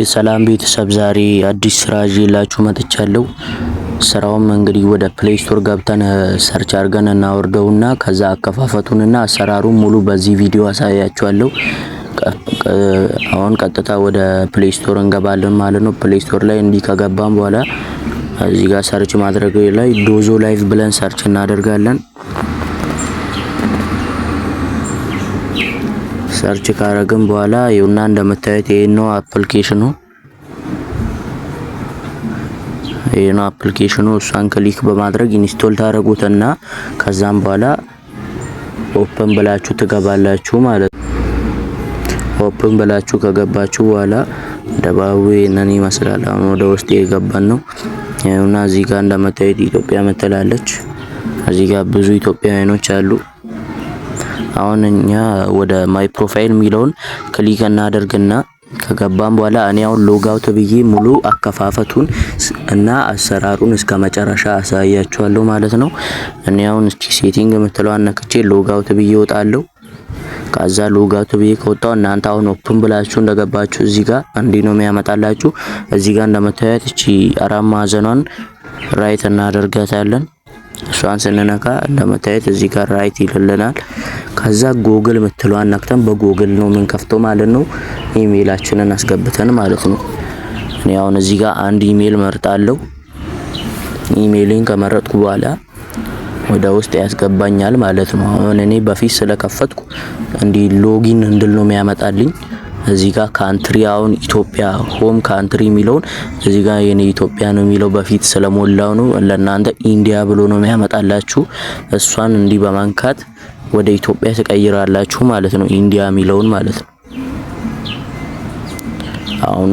እሺ ሰላም ቤተሰብ፣ ዛሬ አዲስ ስራ ይዤላችሁ መጥቻለሁ። ስራውም እንግዲህ ወደ ፕሌይ ስቶር ገብተን ሰርች አድርገን እናወርደውና ከዛ አከፋፈቱንና አሰራሩን ሙሉ በዚህ ቪዲዮ አሳያችኋለሁ። አሁን ቀጥታ ወደ ፕሌይ ስቶር እንገባለን ማለት ነው። ፕሌይ ስቶር ላይ እንዲህ ከገባን በኋላ እዚህ ጋር ሰርች ማድረግ ላይ ዶዞ ላይቭ ብለን ሰርች እናደርጋለን። ሰርች ካረግን በኋላ ይሁና እንደምታዩት ይሄን ነው አፕሊኬሽኑ። ይሄ ነው አፕሊኬሽኑ። እሷን ክሊክ በማድረግ ኢንስቶል ታደርጉትና ከዛም በኋላ ኦፕን ብላችሁ ትገባላችሁ ማለት ነው። ኦፕን ብላችሁ ከገባችሁ በኋላ ደባቡ ይሄንን ይመስላል። አሁን ወደ ውስጥ የገባን ነው። ይኸውና እዚህ ጋር እንደምታዩት ኢትዮጵያ ምትላለች። እዚህ ጋር ብዙ ኢትዮጵያውያኖች አሉ። አሁን እኛ ወደ ማይ ፕሮፋይል የሚለውን ክሊክ እናደርግና ከገባም በኋላ እኔ አሁን ሎጋውት ብዬ ሙሉ አከፋፈቱን እና አሰራሩን እስከ መጨረሻ አሳያችኋለሁ ማለት ነው። እኔ አሁን እስቲ ሴቲንግ የምትለው አነክቼ ሎጋውት ብዬ ወጣለሁ። ከዛ ሎጋውት ብዬ ከወጣው እናንተ አሁን ኦፕን ብላችሁ እንደገባችሁ እዚህ ጋር እንዲህ ነው የሚያመጣላችሁ። እዚህ ጋር እንደምታዩት እቺ አራት ማዕዘኗን ራይት እናደርጋታለን። እሷን ስንነካ ለመታየት እዚህ ጋር ራይት ይልልናል። ከዛ ጎግል ምትለዋን ነክተን በጎግል ነው የምንከፍተው ማለት ነው። ኢሜይላችንን አስገብተን ማለት ነው። እኔ አሁን እዚህ ጋር አንድ ኢሜይል መርጣለሁ። ኢሜይልን ከመረጥኩ በኋላ ወደ ውስጥ ያስገባኛል ማለት ነው። አሁን እኔ በፊት ስለከፈትኩ እንዲህ ሎጊን እንድል ነው የሚያመጣልኝ። እዚህ ጋር ካንትሪ አሁን ኢትዮጵያ ሆም ካንትሪ የሚለውን እዚህ ጋር የኔ ኢትዮጵያ ነው የሚለው በፊት ስለሞላው ነው። ለእናንተ ኢንዲያ ብሎ ነው የሚያመጣላችሁ። እሷን እንዲህ በማንካት ወደ ኢትዮጵያ ትቀይራላችሁ ማለት ነው። ኢንዲያ የሚለውን ማለት ነው። አሁን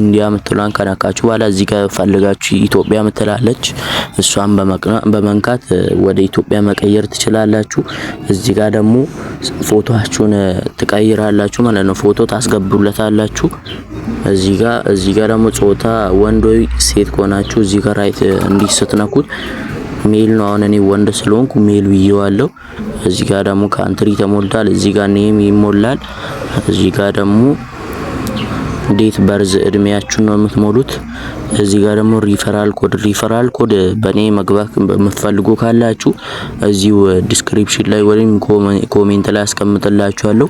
ኢንዲያ ምትሏን ከነካችሁ በኋላ እዚህ ጋር ከፈልጋችሁ ኢትዮጵያ ምትላለች እሷን በመንካት ወደ ኢትዮጵያ መቀየር ትችላላችሁ። እዚህ ጋር ደግሞ ፎቶችሁን ትቀይራላችሁ ማለት ነው። ፎቶ ታስገቡለታላችሁ። እዚህ ጋር እዚህ ጋር ደግሞ ጾታ ወንድ ወይ ሴት ከሆናችሁ እዚህ ጋር ራይት እንዲህ ስትነኩት ሜል ነው። አሁን እኔ ወንድ ስለሆንኩ ሜል ብዬዋለሁ። እዚህ ጋር ደግሞ ካንትሪ ተሞልቷል። እዚህ ጋር ኔም ይሞላል። እዚህ ጋር ደግሞ እንዴት በርዝ እድሜያችሁን ነው የምትሞሉት። እዚህ ጋር ደግሞ ሪፈራል ኮድ ሪፈራል ኮድ በእኔ መግባት የምትፈልጉ ካላችሁ እዚሁ ዲስክሪፕሽን ላይ ወይም ኮሜንት ላይ አስቀምጥላችኋለሁ።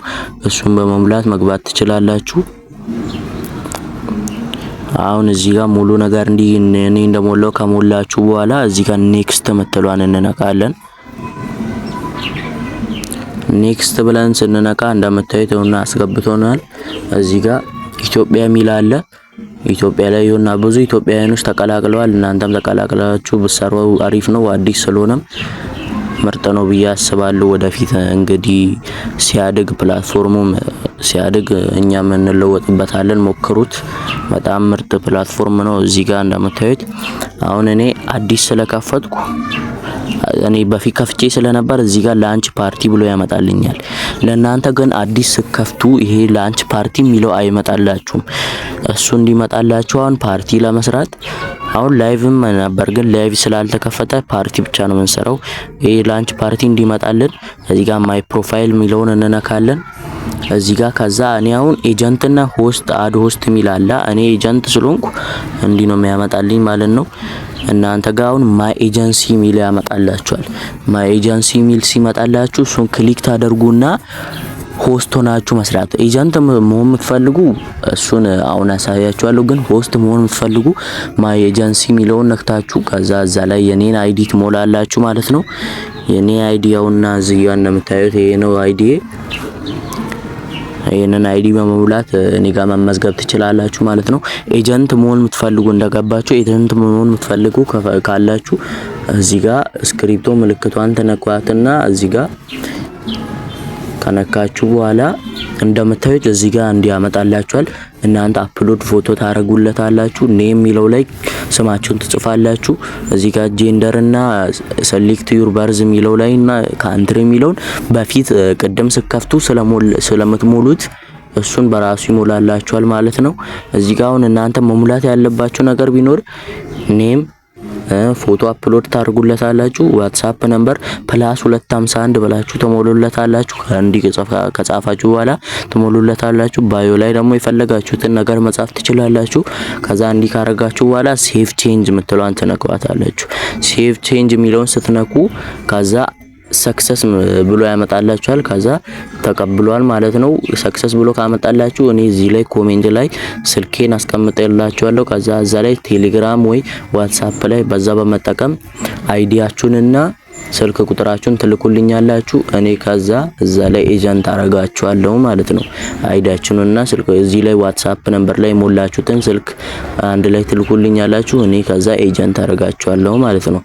እሱን በመሙላት መግባት ትችላላችሁ። አሁን እዚህ ጋር ሙሉ ነገር እንዲህ እኔ እንደሞላው ከሞላችሁ በኋላ እዚህ ጋር ኔክስት ምትሏን እንነቃለን። ኔክስት ብለን ስንነቃ እንደምታዩት ይኸውና አስገብቶናል እዚህ ጋር ኢትዮጵያ የሚል አለ። ኢትዮጵያ ላይ ይሁንና ብዙ ኢትዮጵያውያኖች ተቀላቅለዋል። እናንተም ተቀላቅላችሁ ብትሰሩ አሪፍ ነው። አዲስ ስለሆነም ምርጥ ነው ብዬ አስባለሁ። ወደፊት እንግዲህ ሲያድግ ፕላትፎርሙም ሲያድግ እኛም እንለወጥበታለን። ሞክሩት። በጣም ምርጥ ፕላትፎርም ነው። እዚህ ጋር እንደምታዩት አሁን እኔ አዲስ ስለከፈትኩ እኔ በፊት ከፍቼ ስለነበር እዚህ ጋር ላንች ፓርቲ ብሎ ያመጣልኛል። ለእናንተ ግን አዲስ ስከፍቱ ይሄ ላንች ፓርቲ የሚለው አይመጣላችሁም። እሱ እንዲመጣላችሁ አሁን ፓርቲ ለመስራት አሁን ላይቭም ነበር፣ ግን ላይቭ ስላልተከፈተ ፓርቲ ብቻ ነው የምንሰራው። ይሄ ላንች ፓርቲ እንዲመጣልን እዚህ ጋር ማይ ፕሮፋይል የሚለውን እንነካለን። እዚህ ጋር ከዛ እኔ አሁን ኤጀንትና ሆስት አድ ሆስት የሚል አለ። እኔ ኤጀንት ስለሆንኩ እንዲህ ነው የሚያመጣልኝ ማለት ነው። እናንተ ጋር አሁን ማይ ኤጀንሲ የሚል ያመጣላችኋል። ማይ ኤጀንሲ የሚል ሲመጣላችሁ እሱን ክሊክ ታደርጉና ሆስት ሆናችሁ መስራት ኤጀንት መሆን የምትፈልጉ እሱን አሁን አሳያችኋለሁ። ግን ሆስት መሆን የምትፈልጉ ማይ ኤጀንሲ የሚለውን ነክታችሁ ከዛ እዛ ላይ የኔን አይዲ ትሞላላችሁ ማለት ነው። የኔ አይዲ ያውና እዚያ እንደምታዩት ይሄ ነው አይዲ። ይህንን አይዲ በመሙላት እኔ ጋር መመዝገብ ትችላላችሁ ማለት ነው። ኤጀንት መሆን የምትፈልጉ እንደገባችሁ ኤጀንት መሆን የምትፈልጉ ካላችሁ እዚህ ጋር ስክሪፕቶ ምልክቷን ትነኳትና እዚህ ጋር ከነካችሁ በኋላ እንደምታዩት እዚህ ጋር እንዲያመጣላችኋል። እናንተ አፕሎድ ፎቶ ታረጉለታላችሁ። ኔም የሚለው ላይ ስማችሁን ትጽፋላችሁ። እዚህ ጋር ጄንደር እና ሰሌክት ዩር በርዝ የሚለው ላይ እና ካንትሪ የሚለውን በፊት ቅድም ስከፍቱ ስለምትሞሉት እሱን በራሱ ይሞላላችኋል ማለት ነው። እዚህ ጋር አሁን እናንተ መሙላት ያለባችሁ ነገር ቢኖር ኔም ፎቶ አፕሎድ ታደርጉለታላችሁ። ዋትሳፕ ነምበር ፕላስ 251 ብላችሁ ትሞሉለታላችሁ። አንድ ከጻፋችሁ በኋላ ትሞሉለታላችሁ። ባዮ ላይ ደግሞ የፈለጋችሁትን ነገር መጻፍ ትችላላችሁ። ከዛ እንዲህ ካረጋችሁ በኋላ ሴቭ ቼንጅ የምትለዋን ትነኳታላችሁ። ሴቭ ቼንጅ የሚለውን ስትነኩ ከዛ ሰክሰስ ብሎ ያመጣላችኋል። ከዛ ተቀብሏል ማለት ነው። ሰክሰስ ብሎ ካመጣላችሁ እኔ እዚህ ላይ ኮሜንት ላይ ስልኬን አስቀምጠላችኋለሁ። ከዛ እዛ ላይ ቴሌግራም ወይ ዋትሳፕ ላይ በዛ በመጠቀም አይዲያችሁንና ስልክ ቁጥራችሁን ትልኩልኛላችሁ። እኔ ከዛ እዛ ላይ ኤጀንት አረጋችኋለሁ ማለት ነው። አይዳችሁንና ስልክ እዚህ ላይ ዋትስአፕ ነምበር ላይ ሞላችሁትን ስልክ አንድ ላይ ትልኩልኛላችሁ። እኔ ከዛ ኤጀንት አረጋችኋለሁ ማለት ነው።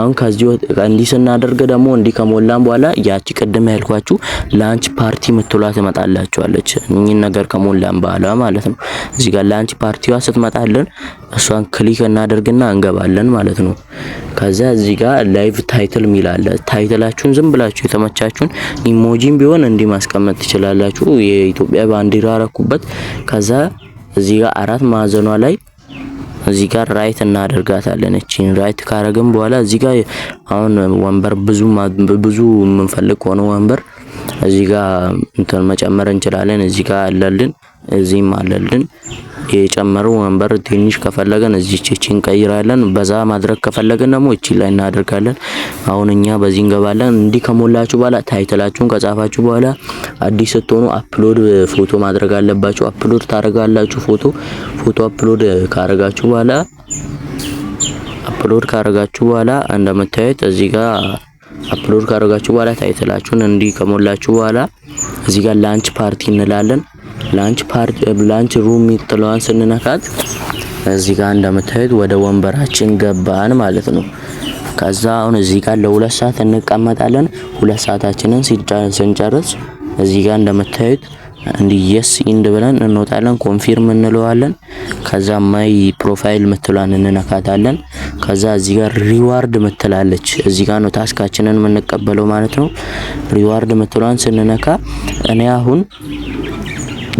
አሁን ከዚህ እንዲህ ስናደርግ ደግሞ እንዲህ ከሞላን በኋላ ያቺ ቅድም ያልኳችሁ ላንች ፓርቲ ምትሏ ትመጣላችኋለች። እኚህን ነገር ከሞላን በኋላ ማለት ነው። እዚህ ጋር ላንች ፓርቲዋ ስትመጣለን እሷን ክሊክ እናደርግና እንገባለን ማለት ነው። ከዛ እዚህ ጋር ላይቭ ታይትል ሚላ ይችላል። ታይትላችሁን ዝም ብላችሁ የተመቻችሁን ኢሞጂን ቢሆን እንዲህ ማስቀመጥ ትችላላችሁ። የኢትዮጵያ ባንዲራ አረኩበት። ከዛ እዚህ ጋር አራት ማዕዘኗ ላይ እዚህ ጋር ራይት እናደርጋታለን። እቺን ራይት ካረግን በኋላ እዚህ ጋር አሁን ወንበር ብዙ ብዙ የምንፈልግ ከሆነ ወንበር እዚህ ጋር እንትን መጨመር እንችላለን። እዚህ ጋር አለልን፣ እዚህም አለልን። የጨመሩ ወንበር ትንሽ ከፈለገን እዚህ እቺን እንቀይራለን። በዛ ማድረግ ከፈለገን ደግሞ እቺ ላይ እናደርጋለን። አሁን እኛ በዚህ እንገባለን። እንዲህ ከሞላችሁ በኋላ ታይትላችሁን ከጻፋችሁ በኋላ አዲስ ስትሆኑ አፕሎድ ፎቶ ማድረግ አለባችሁ። አፕሎድ ታደርጋላችሁ። ፎቶ ፎቶ አፕሎድ ካረጋችሁ በኋላ አፕሎድ ካረጋችሁ በኋላ እንደምታዩት እዚህ ጋር አፕሎድ ካደረጋችሁ በኋላ ታይትላችሁን እንዲህ ከሞላችሁ በኋላ እዚህ ጋር ላንች ፓርቲ እንላለን። ላንች ፓርቲ ላንች ሩም የሚጥለዋን ስንነካት እዚህ ጋር እንደምታዩት ወደ ወንበራችን ገባን ማለት ነው። ከዛ አሁን እዚህ ጋር ለሁለት ሰዓት እንቀመጣለን። ሁለት ሰዓታችንን ስንጨርስ እዚህ ጋር እንደምታዩት እንዲህ የስ ኢንድ ብለን እንወጣለን። ኮንፊርም እንለዋለን። ከዛ ማይ ፕሮፋይል ምትሏን እንነካታለን። ከዛ እዚህ ጋር ሪዋርድ ምትላለች እዚህ ጋር ነው ታስካችንን የምንቀበለው ማለት ነው። ሪዋርድ ምትሏን ስንነካ እኔ አሁን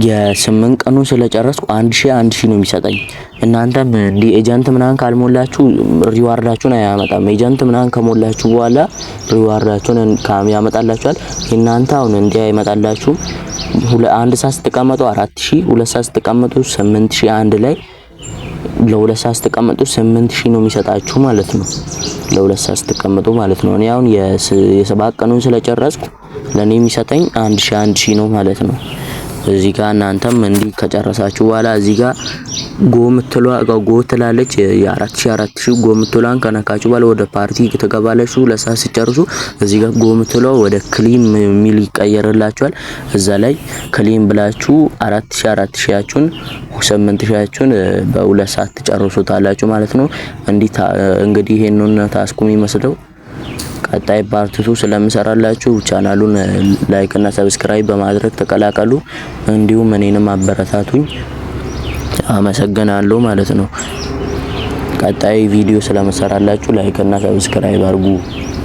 የስምንት ቀኑ ስለጨረስኩ አንድ ሺ አንድ ሺ ነው የሚሰጠኝ። እናንተም እንዲህ ኤጀንት ምናምን ካልሞላችሁ ሪዋርዳችሁን አያመጣም። ኤጀንት ምናምን ከሞላችሁ በኋላ ሪዋርዳችሁን ያመጣላችኋል። እናንተ አሁን እንዲህ አይመጣላችሁ። አንድ ሰዓት ስትቀመጡ አራት ሺ ሁለት ሰዓት ስትቀመጡ ስምንት ሺ አንድ ላይ ለሁለት ሰዓት ስትቀመጡ ስምንት ሺህ ነው የሚሰጣችሁ ማለት ነው። ለሁለት ሰዓት ስትቀመጡ ማለት ነው። እኔ አሁን የሰባት ቀኑን ስለጨረስኩ ለኔ የሚሰጠኝ አንድ ሺህ አንድ ሺህ ነው ማለት ነው። እዚህ ጋር እናንተም እንዲህ ከጨረሳችሁ በኋላ እዚህ ጋር ጎ ምትሏ ጎ ትላለች። የአራት ሺህ አራት ሺ ጎ ምትሏን ከነካችሁ በኋላ ወደ ፓርቲ ትገባላችሁ። ለሳ ሲጨርሱ እዚህ ጋር ጎ ምትሏ ወደ ክሊም ሚል ይቀየርላችኋል። እዛ ላይ ክሊም ብላችሁ አራት ሺ አራት ሺ ያችሁን ስምንት ሺ ያችሁን በሁለት ሰዓት ትጨርሱታላችሁ ማለት ነው። እንዲህ እንግዲህ ይሄንን ታስኩም ይመስለው ቀጣይ ፓርቲቱ ስለምሰራላችሁ ቻናሉን ላይክ እና ሰብስክራይብ በማድረግ ተቀላቀሉ። እንዲሁም እኔንም አበረታቱኝ። አመሰግናለሁ ማለት ነው። ቀጣይ ቪዲዮ ስለምሰራላችሁ ላይክ እና ሰብስክራይብ አድርጉ።